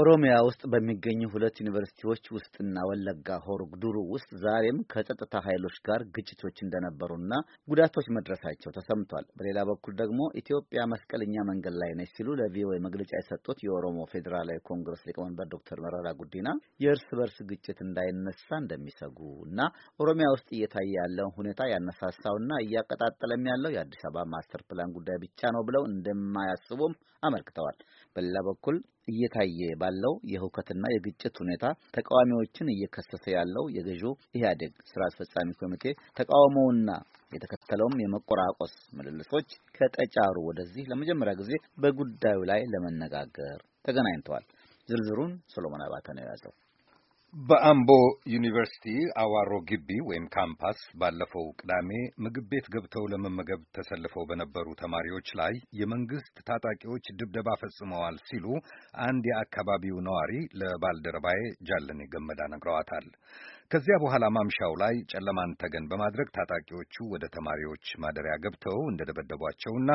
ኦሮሚያ ውስጥ በሚገኙ ሁለት ዩኒቨርሲቲዎች ውስጥና ወለጋ ሆሮ ውስጥ ዛሬም ከጸጥታ ኃይሎች ጋር ግጭቶች እንደነበሩና ጉዳቶች መድረሳቸው ተሰምቷል። በሌላ በኩል ደግሞ ኢትዮጵያ መስቀለኛ መንገድ ላይ ነች ሲሉ ለቪኦኤ መግለጫ የሰጡት የኦሮሞ ፌዴራላዊ ኮንግረስ ሊቀመንበር ዶክተር መረራ ጉዲና የእርስ በርስ ግጭት እንዳይነሳ እንደሚሰጉ እና ኦሮሚያ ውስጥ እየታየ ያለውን ሁኔታ ያነሳሳውና እያቀጣጠለም ያለው የአዲስ አበባ ማስተር ፕላን ጉዳይ ብቻ ነው ብለው እንደማያስቡም አመልክተዋል። በሌላ በኩል እየታየ ባለው የህውከትና የግጭት ሁኔታ ተቃዋሚዎችን እየከሰሰ ያለው የገዢው ኢህአዴግ ስራ አስፈጻሚ ኮሚቴ ተቃውሞውና የተከተለውም የመቆራቆስ ምልልሶች ከጠጫሩ ወደዚህ ለመጀመሪያ ጊዜ በጉዳዩ ላይ ለመነጋገር ተገናኝተዋል። ዝርዝሩን ሶሎሞን አባተ ነው የያዘው። በአምቦ ዩኒቨርሲቲ አዋሮ ግቢ ወይም ካምፓስ ባለፈው ቅዳሜ ምግብ ቤት ገብተው ለመመገብ ተሰልፈው በነበሩ ተማሪዎች ላይ የመንግስት ታጣቂዎች ድብደባ ፈጽመዋል ሲሉ አንድ የአካባቢው ነዋሪ ለባልደረባዬ ጃለኔ ገመዳ ነግረዋታል። ከዚያ በኋላ ማምሻው ላይ ጨለማን ተገን በማድረግ ታጣቂዎቹ ወደ ተማሪዎች ማደሪያ ገብተው እንደደበደቧቸውና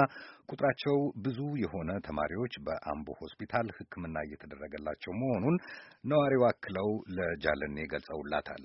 ቁጥራቸው ብዙ የሆነ ተማሪዎች በአምቦ ሆስፒታል ሕክምና እየተደረገላቸው መሆኑን ነዋሪው አክለው ለጃለኔ ገልጸውላታል።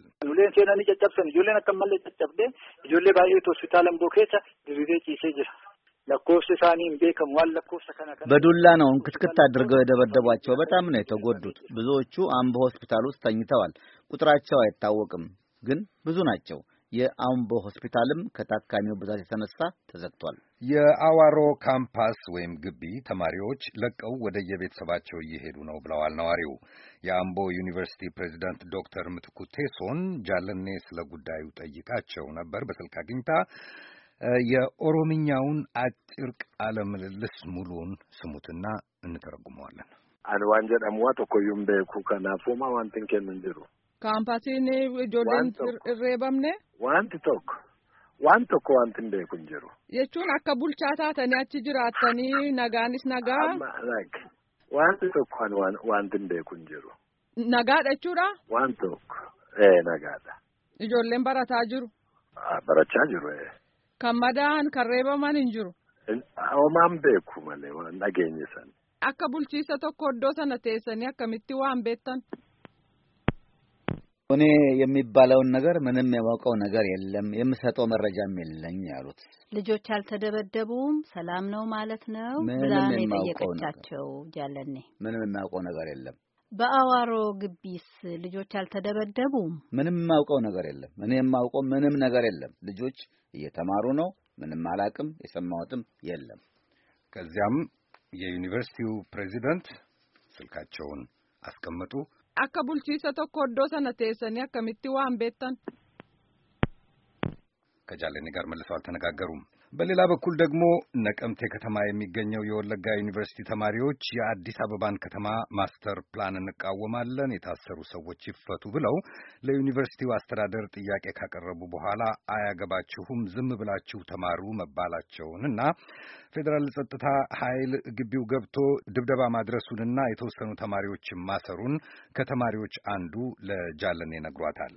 በዱላ ነው እንክትክት አድርገው የደበደቧቸው። በጣም ነው የተጎዱት። ብዙዎቹ አምቦ ሆስፒታል ውስጥ ተኝተዋል። ቁጥራቸው አይታወቅም፣ ግን ብዙ ናቸው። የአምቦ ሆስፒታልም ከታካሚው ብዛት የተነሳ ተዘግቷል። የአዋሮ ካምፓስ ወይም ግቢ ተማሪዎች ለቀው ወደ የቤተሰባቸው እየሄዱ ነው ብለዋል ነዋሪው። የአምቦ ዩኒቨርሲቲ ፕሬዚዳንት ዶክተር ምትኩ ቴሶን ጃለኔ ስለ ጉዳዩ ጠይቃቸው ነበር በስልክ አግኝታ። የኦሮምኛውን አጭር ቃለ ምልልስ ሙሉውን ስሙትና እንተረጉመዋለን። አንዋን ጀዳሙዋ ቶኮዩም ቤኩ ከናፎማ ዋንትንኬ ምንድሩ Kaampaasiin ijoolleen reebamne. Wanti tokko waan tokko wanti hin beeku hin jiru. Jechuun akka bulchaa taatanii achi jiraattanii nagaanis nagaa. Wanti tokko wanti hin beeku hin jiru. Nagaadha jechuudha. Waan tokko eh, nagaadha. Ijoolleen barataa jiru. Ah, Barachaa jiru. Eh. Kan madaan kan reebaman hin jiru. beeku ah, malee waan dhageenye san Akka bulchiisa tokko iddoo sana teessanii akkamitti waan beektan. እኔ የሚባለውን ነገር ምንም የማውቀው ነገር የለም፣ የምሰጠው መረጃም የለኝ ያሉት ልጆች አልተደበደቡም፣ ሰላም ነው ማለት ነው ብላም የጠየቀቻቸው ምንም የማውቀው ነገር የለም። በአዋሮ ግቢስ ልጆች አልተደበደቡም፣ ምንም የማውቀው ነገር የለም። እኔ የማውቀው ምንም ነገር የለም። ልጆች እየተማሩ ነው፣ ምንም አላቅም፣ የሰማሁትም የለም። ከዚያም የዩኒቨርሲቲው ፕሬዚደንት ስልካቸውን አስቀመጡ። akka bulchiisa tokko iddoo sana teessanii akkamitti waan beektan. Akka jaallanni gaar mallattoo al tanagaaggaru. በሌላ በኩል ደግሞ ነቀምቴ ከተማ የሚገኘው የወለጋ ዩኒቨርሲቲ ተማሪዎች የአዲስ አበባን ከተማ ማስተር ፕላን እንቃወማለን፣ የታሰሩ ሰዎች ይፈቱ ብለው ለዩኒቨርሲቲው አስተዳደር ጥያቄ ካቀረቡ በኋላ አያገባችሁም፣ ዝም ብላችሁ ተማሩ መባላቸውንና ፌዴራል ጸጥታ ኃይል ግቢው ገብቶ ድብደባ ማድረሱንና የተወሰኑ ተማሪዎችን ማሰሩን ከተማሪዎች አንዱ ለጃለን ይነግሯታል።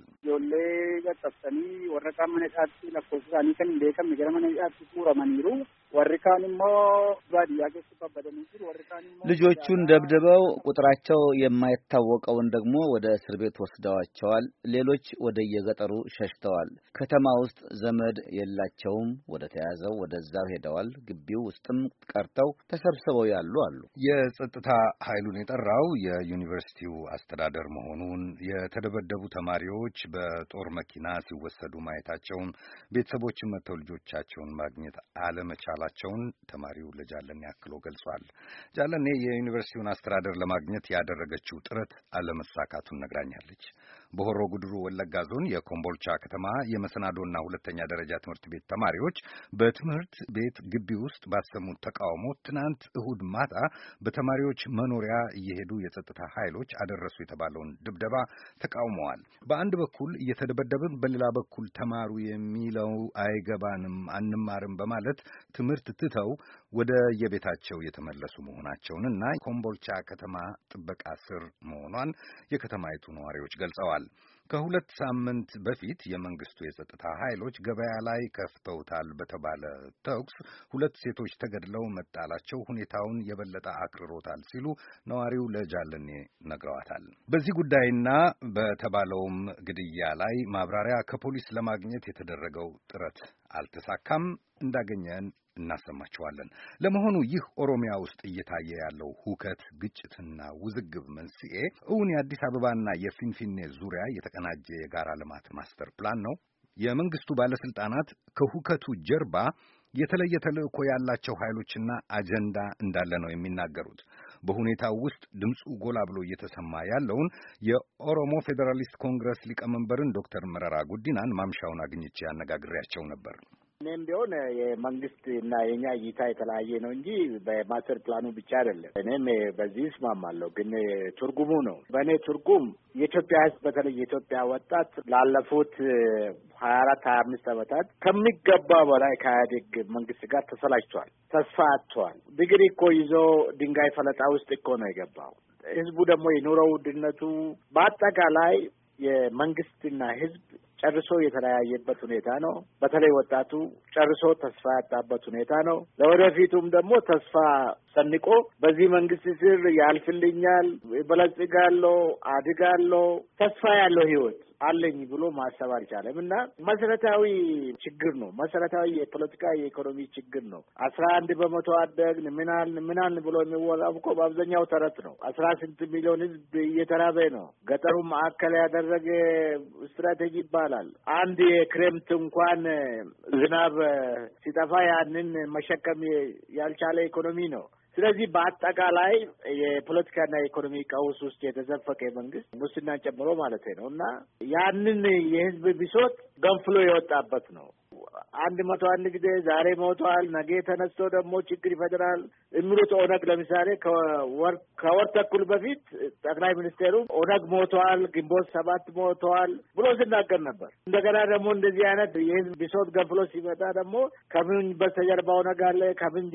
guguuramaniiru ልጆቹን ደብድበው ቁጥራቸው የማይታወቀውን ደግሞ ወደ እስር ቤት ወስደዋቸዋል። ሌሎች ወደየገጠሩ ሸሽተዋል። ከተማ ውስጥ ዘመድ የላቸውም። ወደ ተያዘው ወደዛው ሄደዋል። ግቢው ውስጥም ቀርተው ተሰብስበው ያሉ አሉ። የጸጥታ ኃይሉን የጠራው የዩኒቨርሲቲው አስተዳደር መሆኑን የተደበደቡ ተማሪዎች በጦር መኪና ሲወሰዱ ማየታቸውን ቤተሰቦችን መጥተው ልጆቻቸውን ማግኘት አለመቻላ መቅረባቸውን ተማሪው ለጃለኔ አክሎ ገልጿል። ጃለኔ የዩኒቨርሲቲውን አስተዳደር ለማግኘት ያደረገችው ጥረት አለመሳካቱን ነግራኛለች። በሆሮ ጉድሩ ወለጋ ዞን የኮምቦልቻ ከተማ የመሰናዶና ሁለተኛ ደረጃ ትምህርት ቤት ተማሪዎች በትምህርት ቤት ግቢ ውስጥ ባሰሙት ተቃውሞ ትናንት እሁድ ማታ በተማሪዎች መኖሪያ እየሄዱ የጸጥታ ኃይሎች አደረሱ የተባለውን ድብደባ ተቃውመዋል። በአንድ በኩል እየተደበደብን፣ በሌላ በኩል ተማሩ የሚለው አይገባንም፣ አንማርም በማለት ትምህርት ትተው ወደ የቤታቸው የተመለሱ መሆናቸውንና ኮምቦልቻ ከተማ ጥበቃ ስር መሆኗን የከተማይቱ ነዋሪዎች ገልጸዋል። ከሁለት ሳምንት በፊት የመንግስቱ የጸጥታ ኃይሎች ገበያ ላይ ከፍተውታል በተባለ ተኩስ ሁለት ሴቶች ተገድለው መጣላቸው ሁኔታውን የበለጠ አክርሮታል ሲሉ ነዋሪው ለጃለኔ ነግረዋታል። በዚህ ጉዳይና በተባለውም ግድያ ላይ ማብራሪያ ከፖሊስ ለማግኘት የተደረገው ጥረት አልተሳካም። እንዳገኘን እናሰማችኋለን። ለመሆኑ ይህ ኦሮሚያ ውስጥ እየታየ ያለው ሁከት፣ ግጭትና ውዝግብ መንስኤ እውን የአዲስ አበባና የፊንፊኔ ዙሪያ የተቀናጀ የጋራ ልማት ማስተር ፕላን ነው? የመንግስቱ ባለስልጣናት ከሁከቱ ጀርባ የተለየ ተልእኮ ያላቸው ኃይሎችና አጀንዳ እንዳለ ነው የሚናገሩት። በሁኔታው ውስጥ ድምፁ ጎላ ብሎ እየተሰማ ያለውን የኦሮሞ ፌዴራሊስት ኮንግረስ ሊቀመንበርን ዶክተር መረራ ጉዲናን ማምሻውን አግኝቼ ያነጋግሬያቸው ነበር። እኔም ቢሆን የመንግስት እና የኛ እይታ የተለያየ ነው እንጂ በማስተር ፕላኑ ብቻ አይደለም። እኔም በዚህ እስማማለሁ፣ ግን ትርጉሙ ነው። በእኔ ትርጉም የኢትዮጵያ ሕዝብ በተለይ የኢትዮጵያ ወጣት ላለፉት ሀያ አራት ሀያ አምስት ዓመታት ከሚገባ በላይ ከኢህአዴግ መንግስት ጋር ተሰላጅቷል፣ ተስፋ አጥተዋል። ዲግሪ እኮ ይዞ ድንጋይ ፈለጣ ውስጥ እኮ ነው የገባው። ህዝቡ ደግሞ የኑሮ ውድነቱ በአጠቃላይ የመንግስትና ህዝብ ጨርሶ የተለያየበት ሁኔታ ነው። በተለይ ወጣቱ ጨርሶ ተስፋ ያጣበት ሁኔታ ነው። ለወደፊቱም ደግሞ ተስፋ ሰንቆ በዚህ መንግስት ስር ያልፍልኛል፣ በለጽጋለሁ፣ አድጋለሁ ተስፋ ያለው ህይወት አለኝ ብሎ ማሰብ አልቻለም እና መሰረታዊ ችግር ነው። መሰረታዊ የፖለቲካ የኢኮኖሚ ችግር ነው። አስራ አንድ በመቶ አደግን ምናልን ምናልን ብሎ የሚወራው እኮ በአብዛኛው ተረት ነው። አስራ ስንት ሚሊዮን ህዝብ እየተራበ ነው። ገጠሩን ማዕከል ያደረገ ስትራቴጂ ይባላል። አንድ የክረምት እንኳን ዝናብ ሲጠፋ ያንን መሸከም ያልቻለ ኢኮኖሚ ነው። ስለዚህ በአጠቃላይ የፖለቲካና የኢኮኖሚ ቀውስ ውስጥ የተዘፈቀ መንግስት ሙስናን ጨምሮ ማለት ነው እና ያንን የህዝብ ብሶት ገንፍሎ የወጣበት ነው። አንድ መቶ አንድ ጊዜ ዛሬ ሞቷል ነገ ተነስቶ ደግሞ ችግር ይፈጥራል የሚሉት ኦነግ ለምሳሌ ከወር ተኩል በፊት ጠቅላይ ሚኒስቴሩ ኦነግ ሞተዋል፣ ግንቦት ሰባት ሞተዋል ብሎ ሲናገር ነበር። እንደገና ደግሞ እንደዚህ አይነት የህዝብ ብሶት ገንፍሎ ሲመጣ ደግሞ ከምን በስተጀርባ ኦነግ አለ፣ ከምን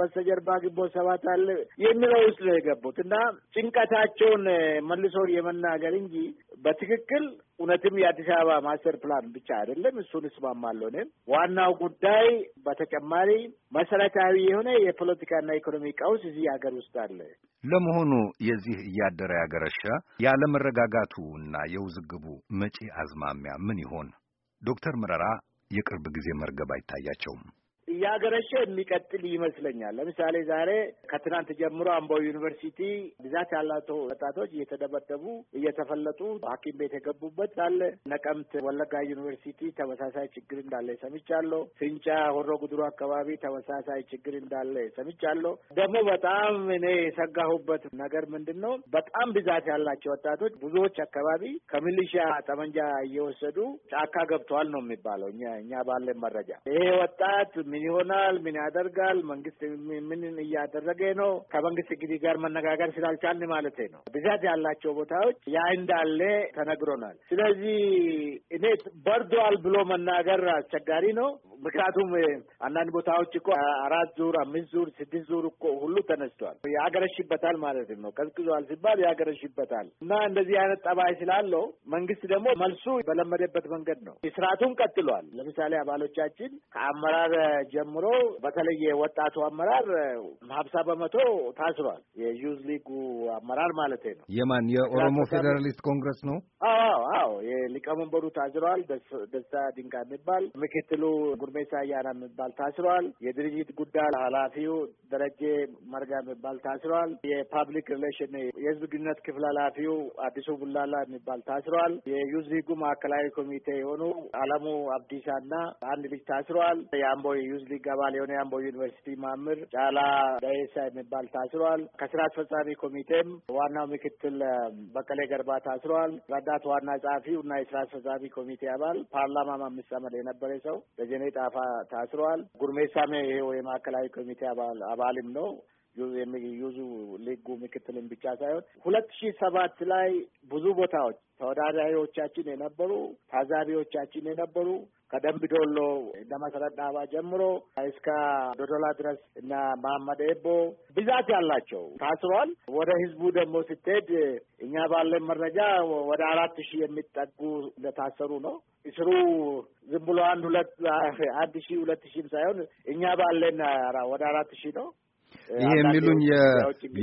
በስተጀርባ ግንቦት ሰባት አለ የሚለው ውስጥ ነው የገቡት እና ጭንቀታቸውን መልሶ የመናገር እንጂ በትክክል እውነትም የአዲስ አበባ ማስተር ፕላን ብቻ አይደለም፣ እሱን እስማማለሁ። እኔም ዋናው ጉዳይ በተጨማሪ መሰረታዊ የሆነ የፖለቲካና ኢኮኖሚ ቀውስ እዚህ ሀገር ውስጥ አለ። ለመሆኑ የዚህ እያደረ ያገረሸ ያለመረጋጋቱ እና የውዝግቡ መጪ አዝማሚያ ምን ይሆን? ዶክተር መረራ የቅርብ ጊዜ መርገብ አይታያቸውም። እያገረሸ የሚቀጥል ይመስለኛል። ለምሳሌ ዛሬ ከትናንት ጀምሮ አምቦ ዩኒቨርሲቲ ብዛት ያላቸው ወጣቶች እየተደበደቡ እየተፈለጡ ሐኪም ቤት የገቡበት አለ። ነቀምት ወለጋ ዩኒቨርሲቲ ተመሳሳይ ችግር እንዳለ ሰምቻለሁ። ፍንጫ ሆሮ ጉድሩ አካባቢ ተመሳሳይ ችግር እንዳለ ሰምቻለሁ። ደግሞ በጣም እኔ የሰጋሁበት ነገር ምንድን ነው? በጣም ብዛት ያላቸው ወጣቶች ብዙዎች አካባቢ ከሚሊሻ ጠመንጃ እየወሰዱ ጫካ ገብተዋል ነው የሚባለው እኛ ባለን መረጃ ይሄ ወጣት ይሆናል? ምን ያደርጋል? መንግስት ምን እያደረገ ነው? ከመንግስት እንግዲህ ጋር መነጋገር ስላልቻልን ማለት ነው። ብዛት ያላቸው ቦታዎች ያ እንዳለ ተነግሮናል። ስለዚህ እኔ በርዷል ብሎ መናገር አስቸጋሪ ነው። ምክንያቱም አንዳንድ ቦታዎች እኮ አራት ዙር፣ አምስት ዙር፣ ስድስት ዙር እኮ ሁሉ ተነስቷል። ያገረሽበታል ማለት ነው። ቀዝቅዟል ሲባል ያገረሽበታል እና እንደዚህ አይነት ጠባይ ስላለው መንግስት ደግሞ መልሱ በለመደበት መንገድ ነው። ስርዓቱም ቀጥሏል። ለምሳሌ አባሎቻችን ከአመራር ጀምሮ በተለይ የወጣቱ አመራር ሀምሳ በመቶ ታስሯል። የዩዝ ሊጉ አመራር ማለት ነው። የማን የኦሮሞ ፌዴራሊስት ኮንግረስ ነው? አዎ አዎ፣ የሊቀመንበሩ ታስሯል። ደስታ ድንቃ የሚባል ምክትሉ ጉርሜሳ አያና የሚባል ታስሯል። የድርጅት ጉዳይ ኃላፊው ደረጀ መርጋ የሚባል ታስሯል። የፓብሊክ ሪሌሽን የህዝብ ግንኙነት ክፍል ኃላፊው አዲሱ ቡላላ የሚባል ታስሯል። የዩዝሊጉ ማዕከላዊ ኮሚቴ የሆኑ አለሙ አብዲሳና አንድ ልጅ ታስሯል። የአምቦ የዩዝ አባል የሆነ የአምቦ ዩኒቨርሲቲ ማምር ጫላ ዳሬሳ የሚባል ታስሯል። ከስራ አስፈጻሚ ኮሚቴም ዋናው ምክትል በቀሌ ገርባ ታስሯል። ረዳት ዋና ጸሐፊው እና የስራ አስፈጻሚ ኮሚቴ አባል ፓርላማ አምስት ዓመት የነበረ ሰው በጀኔጣ ጫፋ ታስረዋል። ጉርሜሳሜ ይሄው የማዕከላዊ ኮሚቴ አባልም ነው። የዩዙ ሊጉ ምክትልን ብቻ ሳይሆን ሁለት ሺህ ሰባት ላይ ብዙ ቦታዎች ተወዳዳሪዎቻችን የነበሩ ታዛቢዎቻችን የነበሩ ከደንብ ዶሎ እነ መሰረት ዳባ ጀምሮ እስከ ዶዶላ ድረስ እና መሐመድ ኤቦ ብዛት ያላቸው ታስሯል። ወደ ህዝቡ ደግሞ ስትሄድ እኛ ባለን መረጃ ወደ አራት ሺህ የሚጠጉ እንደታሰሩ ነው። እስሩ ዝም ብሎ አንድ ሁለት አንድ ሺህ ሁለት ሺህም ሳይሆን እኛ ባለን ወደ አራት ሺህ ነው። ይሄ የሚሉኝ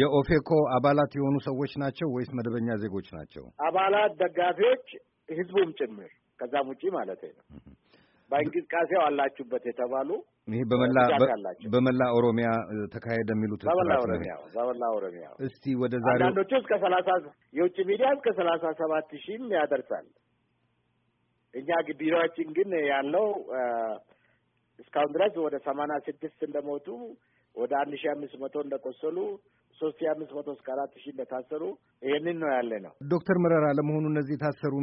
የኦፌኮ አባላት የሆኑ ሰዎች ናቸው ወይስ መደበኛ ዜጎች ናቸው? አባላት፣ ደጋፊዎች፣ ህዝቡም ጭምር ከዛም ውጪ ማለት ነው። በእንቅስቃሴው አላችሁበት የተባሉ ይህ በመላ በመላ ኦሮሚያ ተካሄደ የሚሉት በመላ ኦሮሚያ በመላ ኦሮሚያ። እስቲ ወደ ዛሬ አንዳንዶቹ እስከ ሰላሳ የውጭ ሚዲያ እስከ ሰላሳ ሰባት ሺህም ያደርሳል። እኛ ቢሮችን ግን ያለው እስካሁን ድረስ ወደ ሰማንያ ስድስት እንደሞቱ ወደ አንድ ሺ አምስት መቶ እንደቆሰሉ ሶስት ሺ አምስት መቶ እስከ አራት ሺ እንደታሰሩ ይህንን ነው ያለ ነው። ዶክተር መረራ ለመሆኑ እነዚህ የታሰሩ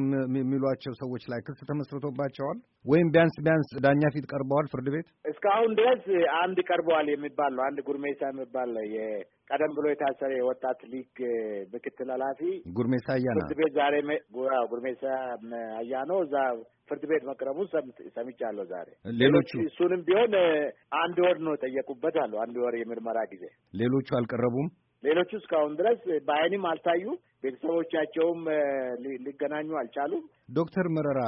የሚሏቸው ሰዎች ላይ ክስ ተመስርቶባቸዋል ወይም ቢያንስ ቢያንስ ዳኛ ፊት ቀርበዋል? ፍርድ ቤት እስካሁን ድረስ አንድ ቀርበዋል የሚባል ነው። አንድ ጉርሜሳ የሚባል ቀደም ብሎ የታሰረ የወጣት ሊግ ምክትል ኃላፊ ጉርሜሳ አያና ፍርድ ቤት ዛሬ ጉርሜሳ አያኖ እዛ ፍርድ ቤት መቅረቡ ሰምቻለሁ። ዛሬ ሌሎቹ እሱንም ቢሆን አንድ ወር ነው የጠየቁበት አሉ። አንድ ወር የምርመራ ጊዜ ሌሎቹ አልቀረቡም። ሌሎቹ እስካሁን ድረስ በአይንም አልታዩ፣ ቤተሰቦቻቸውም ሊገናኙ አልቻሉም። ዶክተር መረራ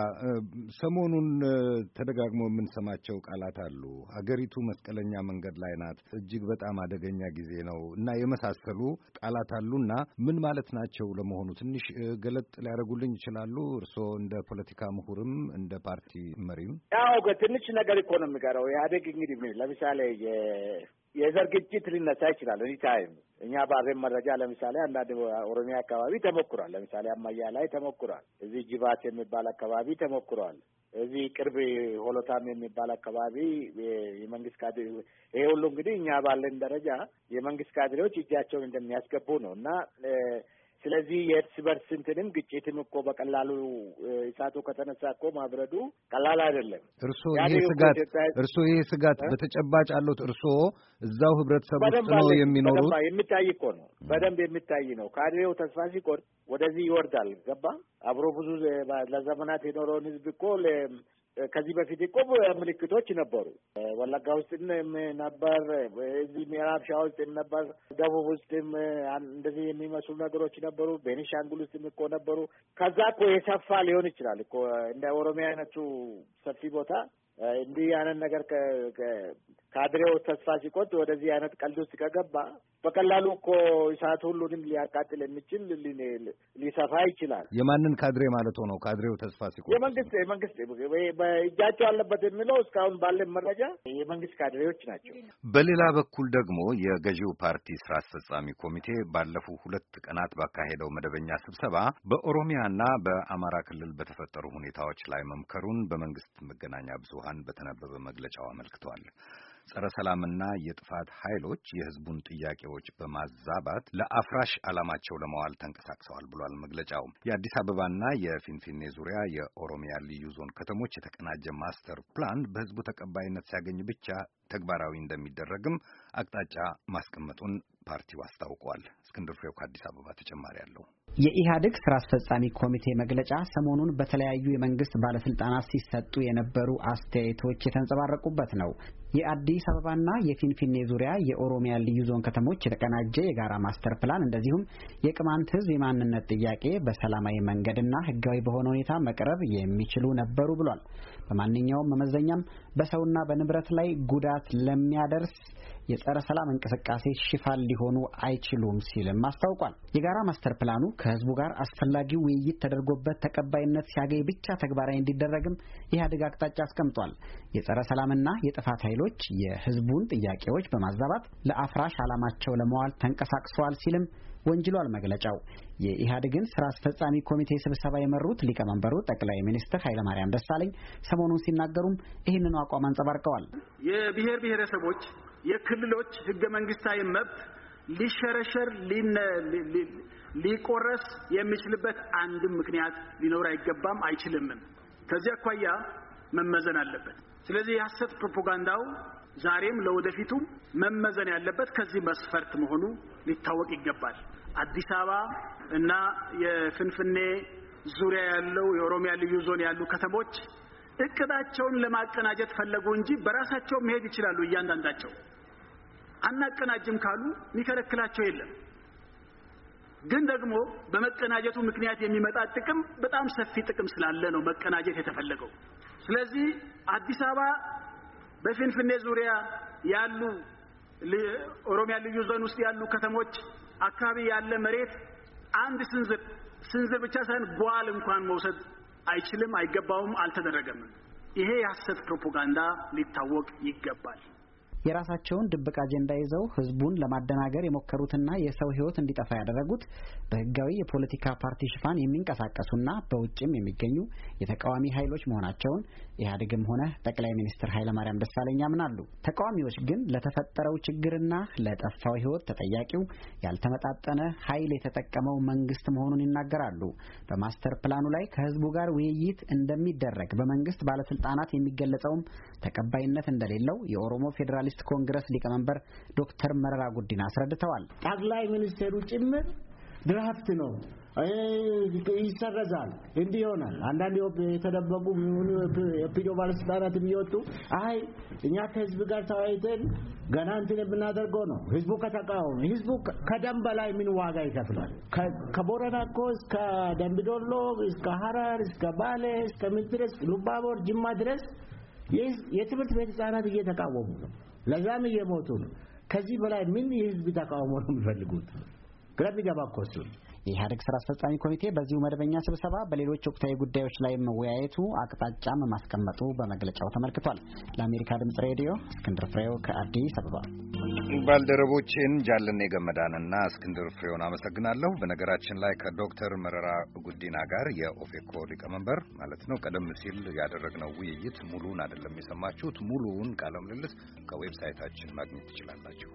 ሰሞኑን ተደጋግሞ የምንሰማቸው ቃላት አሉ። ሀገሪቱ መስቀለኛ መንገድ ላይ ናት፣ እጅግ በጣም አደገኛ ጊዜ ነው እና የመሳሰሉ ቃላት እና ምን ማለት ናቸው ለመሆኑ ትንሽ ገለጥ ሊያደርጉልኝ ይችላሉ? እርስዎ እንደ ፖለቲካ ምሁርም እንደ ፓርቲ መሪም። ያው ትንሽ ነገር እኮ ነው የሚቀረው። ኢህአዴግ እንግዲህ ለምሳሌ የዘር ግጭት ሊነሳ ይችላል። እኒ ታይም እኛ ባሬን መረጃ ለምሳሌ አንዳንድ ኦሮሚያ አካባቢ ተሞክሯል። ለምሳሌ አማያ ላይ ተሞክሯል። እዚህ ጅባት የሚባል አካባቢ ተሞክሯል። እዚህ ቅርብ ሆሎታም የሚባል አካባቢ የመንግስት ካድሬ ይሄ ሁሉ እንግዲህ እኛ ባለን ደረጃ የመንግስት ካድሬዎች እጃቸውን እንደሚያስገቡ ነው እና ስለዚህ የእርስ በርስ እንትንም ግጭትም እኮ በቀላሉ እሳቱ ከተነሳ እኮ ማብረዱ ቀላል አይደለም። እርስዎ ይሄ ስጋት እርስዎ ይሄ ስጋት በተጨባጭ አለሁት። እርስዎ እዛው ህብረተሰብ ውስጥ ነው የሚኖሩት። የሚታይ እኮ ነው፣ በደንብ የሚታይ ነው። ካድሬው ተስፋ ሲቆርጥ ወደዚህ ይወርዳል። ገባ አብሮ ብዙ ለዘመናት የኖረውን ህዝብ እኮ ከዚህ በፊት እኮ ምልክቶች ነበሩ። ወለጋ ውስጥም ነበር፣ እዚህ ምዕራብ ሻ ውስጥም ነበር፣ ደቡብ ውስጥም እንደዚህ የሚመስሉ ነገሮች ነበሩ። ቤኒሻንጉል ውስጥም እኮ ነበሩ። ከዛ እኮ የሰፋ ሊሆን ይችላል እኮ እንደ ኦሮሚያ አይነቱ ሰፊ ቦታ እንዲህ ያንን ነገር ካድሬው ተስፋ ሲቆጥ ወደዚህ አይነት ቀልድ ውስጥ ከገባ በቀላሉ እኮ እሳት ሁሉንም ሊያቃጥል የሚችል ሊሰፋ ይችላል። የማንን ካድሬ ማለት ነው? ካድሬው ተስፋ ሲቆጥ የመንግስት የመንግስት እጃቸው አለበት የሚለው እስካሁን ባለ መረጃ የመንግስት ካድሬዎች ናቸው። በሌላ በኩል ደግሞ የገዢው ፓርቲ ስራ አስፈጻሚ ኮሚቴ ባለፉ ሁለት ቀናት ባካሄደው መደበኛ ስብሰባ በኦሮሚያና በአማራ ክልል በተፈጠሩ ሁኔታዎች ላይ መምከሩን በመንግስት መገናኛ ብዙሃን በተነበበ መግለጫው አመልክቷል። ጸረ ሰላምና የጥፋት ኃይሎች የህዝቡን ጥያቄዎች በማዛባት ለአፍራሽ ዓላማቸው ለመዋል ተንቀሳቅሰዋል ብሏል መግለጫው። የአዲስ አበባና የፊንፊኔ ዙሪያ የኦሮሚያ ልዩ ዞን ከተሞች የተቀናጀ ማስተር ፕላን በህዝቡ ተቀባይነት ሲያገኝ ብቻ ተግባራዊ እንደሚደረግም አቅጣጫ ማስቀመጡን ፓርቲው አስታውቋል። እስክንድር ፍሬው ከአዲስ አበባ ተጨማሪ አለው። የኢህአዴግ ስራ አስፈጻሚ ኮሚቴ መግለጫ ሰሞኑን በተለያዩ የመንግስት ባለስልጣናት ሲሰጡ የነበሩ አስተያየቶች የተንጸባረቁበት ነው። የአዲስ አበባና የፊንፊኔ ዙሪያ የኦሮሚያ ልዩ ዞን ከተሞች የተቀናጀ የጋራ ማስተር ፕላን እንደዚሁም የቅማንት ሕዝብ የማንነት ጥያቄ በሰላማዊ መንገድና ሕጋዊ በሆነ ሁኔታ መቅረብ የሚችሉ ነበሩ ብሏል። በማንኛውም መመዘኛም በሰውና በንብረት ላይ ጉዳት ለሚያደርስ የጸረ ሰላም እንቅስቃሴ ሽፋን ሊሆኑ አይችሉም ሲልም አስታውቋል። የጋራ ማስተር ፕላኑ ከህዝቡ ጋር አስፈላጊ ውይይት ተደርጎበት ተቀባይነት ሲያገኝ ብቻ ተግባራዊ እንዲደረግም ኢህአዴግ አቅጣጫ አስቀምጧል። የጸረ ሰላምና የጥፋት ኃይሎ ኃይሎች የህዝቡን ጥያቄዎች በማዛባት ለአፍራሽ ዓላማቸው ለመዋል ተንቀሳቅሰዋል ሲልም ወንጅሏል መግለጫው። የኢህአዴግን ስራ አስፈጻሚ ኮሚቴ ስብሰባ የመሩት ሊቀመንበሩ ጠቅላይ ሚኒስትር ኃይለማርያም ደሳለኝ ሰሞኑን ሲናገሩም ይህንኑ አቋም አንጸባርቀዋል። የብሔር ብሔረሰቦች የክልሎች ህገ መንግስታዊ መብት ሊሸረሸር ሊቆረስ የሚችልበት አንድም ምክንያት ሊኖር አይገባም፣ አይችልምም። ከዚህ አኳያ መመዘን አለበት። ስለዚህ የሐሰት ፕሮፓጋንዳው ዛሬም ለወደፊቱም መመዘን ያለበት ከዚህ መስፈርት መሆኑ ሊታወቅ ይገባል። አዲስ አበባ እና የፍንፍኔ ዙሪያ ያለው የኦሮሚያ ልዩ ዞን ያሉ ከተሞች እቅዳቸውን ለማቀናጀት ፈለጉ እንጂ በራሳቸው መሄድ ይችላሉ። እያንዳንዳቸው አናቀናጅም ካሉ የሚከለክላቸው የለም። ግን ደግሞ በመቀናጀቱ ምክንያት የሚመጣ ጥቅም በጣም ሰፊ ጥቅም ስላለ ነው መቀናጀት የተፈለገው። ስለዚህ አዲስ አበባ በፍንፍኔ ዙሪያ ያሉ ኦሮሚያ ልዩ ዞን ውስጥ ያሉ ከተሞች አካባቢ ያለ መሬት አንድ ስንዝር ስንዝር ብቻ ሳይሆን ጓል እንኳን መውሰድ አይችልም፣ አይገባውም፣ አልተደረገም። ይሄ የሐሰት ፕሮፓጋንዳ ሊታወቅ ይገባል። የራሳቸውን ድብቅ አጀንዳ ይዘው ህዝቡን ለማደናገር የሞከሩትና የሰው ህይወት እንዲጠፋ ያደረጉት በህጋዊ የፖለቲካ ፓርቲ ሽፋን የሚንቀሳቀሱና በውጭም የሚገኙ የተቃዋሚ ኃይሎች መሆናቸውን ኢህአዴግም ሆነ ጠቅላይ ሚኒስትር ኃይለማርያም ደሳለኝ ያምናሉ። ተቃዋሚዎች ግን ለተፈጠረው ችግርና ለጠፋው ህይወት ተጠያቂው ያልተመጣጠነ ኃይል የተጠቀመው መንግስት መሆኑን ይናገራሉ። በማስተር ፕላኑ ላይ ከህዝቡ ጋር ውይይት እንደሚደረግ በመንግስት ባለስልጣናት የሚገለጸውም ተቀባይነት እንደሌለው የኦሮሞ ፌዴራል ሶሻሊስት ኮንግረስ ሊቀመንበር ዶክተር መረራ ጉዲና አስረድተዋል። ጠቅላይ ሚኒስቴሩ ጭምር ድራፍት ነው ይሰረዛል፣ እንዲህ ይሆናል። አንዳንድ የተደበቁ የፒዶ ባለስልጣናት የሚወጡ አይ እኛ ከህዝብ ጋር ተወያይተን ገና እንትን የምናደርገው ነው። ህዝቡ ከተቃወመ ህዝቡ ከደም በላይ ምን ዋጋ ይከፍላል? ከቦረና እኮ እስከ ደምቢ እስከ ሀረር፣ እስከ ባሌ፣ እስከ ምን ድረስ ሉባቦር፣ ጅማ ድረስ የትምህርት ቤት ህጻናት እየተቃወሙ ነው። ለዛም እየሞቱ ነው። ከዚህ በላይ ምን የህዝብ ተቃውሞ ነው የሚፈልጉት? ግራ ቢገባ እኮ እሱን የኢህአዴግ ስራ አስፈጻሚ ኮሚቴ በዚሁ መደበኛ ስብሰባ በሌሎች ወቅታዊ ጉዳዮች ላይ መወያየቱ አቅጣጫም ማስቀመጡ በመግለጫው ተመልክቷል። ለአሜሪካ ድምጽ ሬዲዮ እስክንድር ፍሬው ከአዲስ አበባ። ባልደረቦችን ጃለኔ ገመዳንና እስክንድር ፍሬውን አመሰግናለሁ። በነገራችን ላይ ከዶክተር መረራ ጉዲና ጋር የኦፌኮ ሊቀመንበር ማለት ነው ቀደም ሲል ያደረግነው ውይይት ሙሉውን አይደለም የሰማችሁት። ሙሉውን ቃለ ምልልስ ከዌብሳይታችን ማግኘት ትችላላችሁ።